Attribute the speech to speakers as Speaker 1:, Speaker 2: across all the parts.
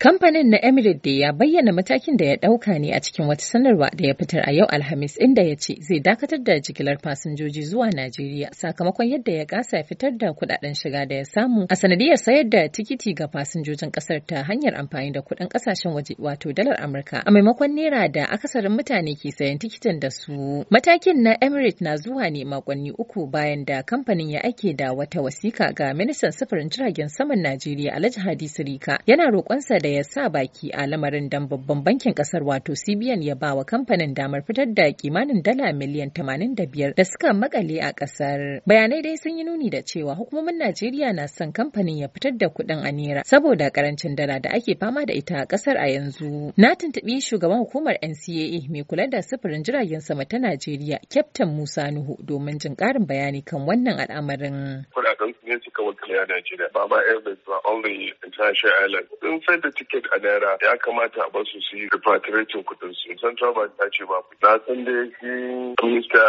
Speaker 1: Kamfanin na Emirates da ya bayyana matakin da ya ɗauka ne a cikin wata sanarwa da ya fitar a yau Alhamis inda ya ce zai dakatar da jigilar fasinjoji zuwa Najeriya sakamakon yadda ya kasa fitar da kuɗaɗen shiga da ya samu a sanadiyar sayar da tikiti ga fasinjojin ƙasar ta hanyar amfani da kuɗin ƙasashen waje wato dalar Amurka a maimakon naira da akasarin mutane ke sayan tikitin da su. Matakin na Emirates na zuwa ne makonni uku bayan da kamfanin ya aike da wata wasiƙa ga ministan sufurin jiragen saman Najeriya Alhaji Hadi Sirika yana roƙonsa da da ya sa baki a lamarin dan babban bankin kasar wato CBN ya bawa kamfanin damar fitar da kimanin dala miliyan 85 da suka makale a kasar. Bayanai dai sun yi nuni da cewa hukumomin Najeriya na son kamfanin ya fitar da kuɗin a naira saboda karancin dala da ake fama da ita a kasar a yanzu. Na tuntuɓi shugaban hukumar NCAA mai kula da sufurin jiragen sama ta Najeriya, Kyaftin Musa Nuhu domin jin ƙarin bayani kan wannan al'amarin.
Speaker 2: ne suka wakilaya Najeriya ba ma ba only international airlines. Sun sai da tiket a naira ya kamata a basu su yi repatriation kudin su. Central Bank ta ce ba na san da shi minista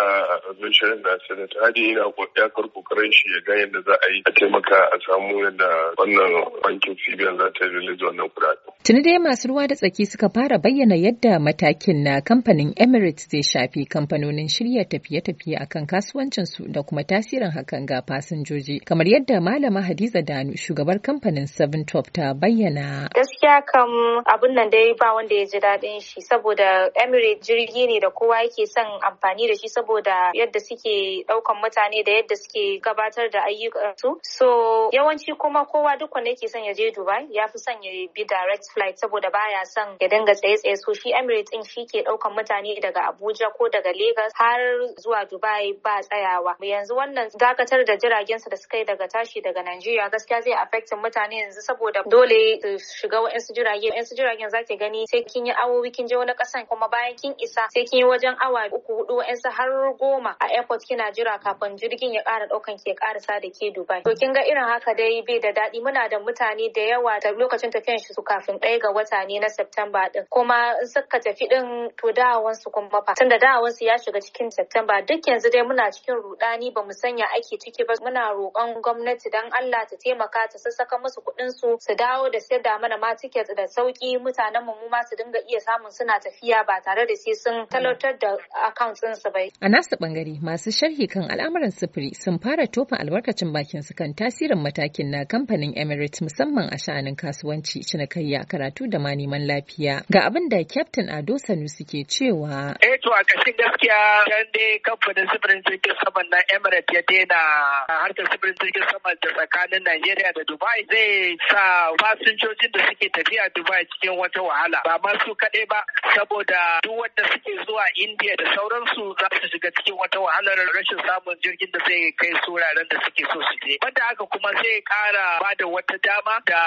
Speaker 2: Mishirin na Senator Hadi yana kar kokarin shi ya ga yadda za a yi a taimaka a samu yadda wannan bankin CBN za ta yi release wannan kudaden.
Speaker 1: Tuni dai masu ruwa da tsaki suka fara bayyana yadda matakin na kamfanin Emirates zai shafi kamfanonin shirya tafiye-tafiye a kan kasuwancinsu da kuma tasirin hakan ga fasinjoji. Kamar yadda Malama Hadiza Danu shugabar kamfanin 7 ta bayyana. gaskiya
Speaker 3: kam abun nan dai ba wanda ya ji daɗin shi saboda Emirates jirgi ne da kowa yake son amfani da shi saboda yadda suke ɗaukan mutane da yadda suke gabatar da ayyukansu. So yawanci kuma kowa duk wanda yake son ya je Dubai ya fi son ya bi direct flight saboda baya son ya dinga tsaye-tsaye so shi Emirates din shi ke ɗaukan mutane daga Abuja ko daga Lagos har zuwa Dubai ba tsayawa. Yanzu wannan dakatar da jiragensa da suka yi daga tashi daga Najeriya gaskiya zai affect mutane yanzu saboda dole su shiga su jirage su jiragen zaki gani sai kin yi awowi kin je wani kasan kuma bayan kin isa sai kin yi wajen awa uku hudu yan su har goma a airport kina jira kafin jirgin ya kara ɗaukan ke ƙarasa da ke Dubai. To kin ga irin haka dai bai da daɗi muna da mutane da yawa ta lokacin tafiyan shi su kafin ɗaya ga wata ne na Septemba din kuma suka tafi ɗin to dawansu kuma fa tunda dawansu ya shiga cikin Septemba duk yanzu dai muna cikin rudani ba mu sanya aiki ciki ba muna roƙon gwamnati dan Allah ta taimaka ta sassaka musu kuɗin su su dawo da sayar da mana ma suke da sauki mutanen mu ma su dinga iya samun suna tafiya ba tare da sai sun talautar da account din su bai.
Speaker 1: A nasu bangare masu sharhi kan al'amuran sufuri sun fara tofa albarkacin bakin su kan tasirin matakin na kamfanin Emirates musamman a sha'anin kasuwanci, cinikayya, karatu da ma neman lafiya. Ga abin da Captain Ado Sanusi ke cewa. Eh to a kashin
Speaker 2: gaskiya dan dai kamfanin sufurin jirgin saman na Emirates ya daina harkar sufurin jirgin sama da tsakanin Najeriya da Dubai zai sa fasinjojin da suke tafiya Dubai cikin wata wahala ba ma su kaɗai ba saboda duk wanda suke zuwa India da sauransu za su shiga cikin wata wahalar rashin samun jirgin da zai kai su wuraren da suke so su je. Banda haka kuma zai ƙara ba da wata dama da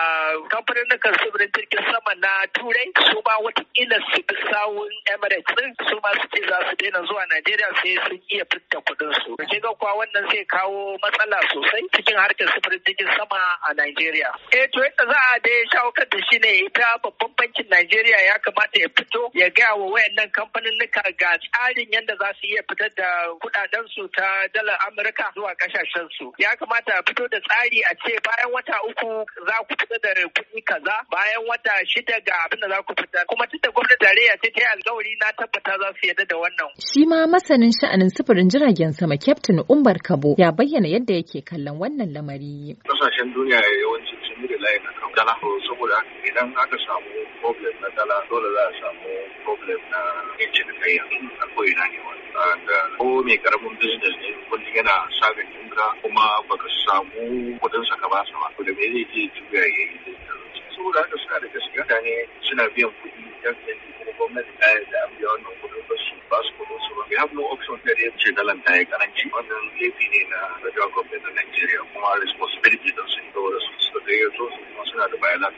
Speaker 2: kamfanin sufurin jirgin sama na Turai su ma watakila su bi sawun Emirates ɗin su ma su ce za su daina zuwa Najeriya sai sun iya fitta kuɗinsu. su. Kin ga kuwa wannan zai kawo matsala sosai cikin harkar sufurin jirgin sama a Najeriya. Eh to yadda za a dai shawo kan da shi ne ita babban bankin Najeriya ya kamata ya fito ya gaya wa wayannan kamfanin nuka ga tsarin yadda za su iya fitar da kudaden su ta dalar Amurka zuwa kasashen su. Ya kamata a fito da tsari a ce bayan wata uku za ku fitar da kuɗi kaza bayan wata shida ga abin da za ku fitar. Kuma tunda gwamnati tarayya
Speaker 1: ce ta yi alƙawari na tabbata za su yarda da wannan. Shi ma masanin sha'anin sufurin jiragen sama Captain Umar Kabo ya bayyana yadda yake kallon wannan lamari.
Speaker 2: Kasashen duniya yawanci layin dala saboda idan aka samu problem na dala dole za a samu problem na injin kayya a ko'ina ne wanda ko mai karamin business ne kullum yana sagan ka. kuma baka samu kudin ka ba sama. ba da me zai je juya ya yi saboda haka suna da gaskiya da ne suna biyan kuɗi yan kuma gwamnati ta yarda an biya wannan kuɗin ba su ba su kuɗin su ba we have no option da ya ce dalan ta yi karanci wannan laifi ne na federal government na Nigeria kuma responsibility don su ne saboda su da da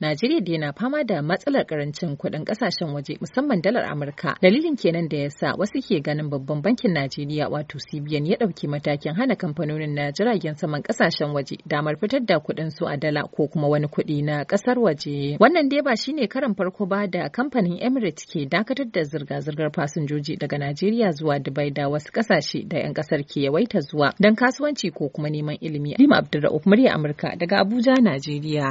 Speaker 1: Najeriya dai na fama da matsalar karancin kuɗin ƙasashen waje musamman dalar Amurka. Dalilin kenan da ya sa wasu ke ganin babban bankin Najeriya wato CBN ya ɗauki matakin hana kamfanonin na jiragen saman ƙasashen waje damar fitar da kuɗin su a dala ko kuma wani kuɗi na ƙasar waje. Wannan dai ba shine karan farko ba da kamfanin Emirates ke dakatar da zirga-zirgar fasinjoji daga Najeriya zuwa Dubai da wasu ƙasashe da 'yan ƙasar ke yawaita zuwa don kasuwanci ko kuma neman ilimi. Lima Abdulra'uf murya Amurka daga Abuja, Najeriya.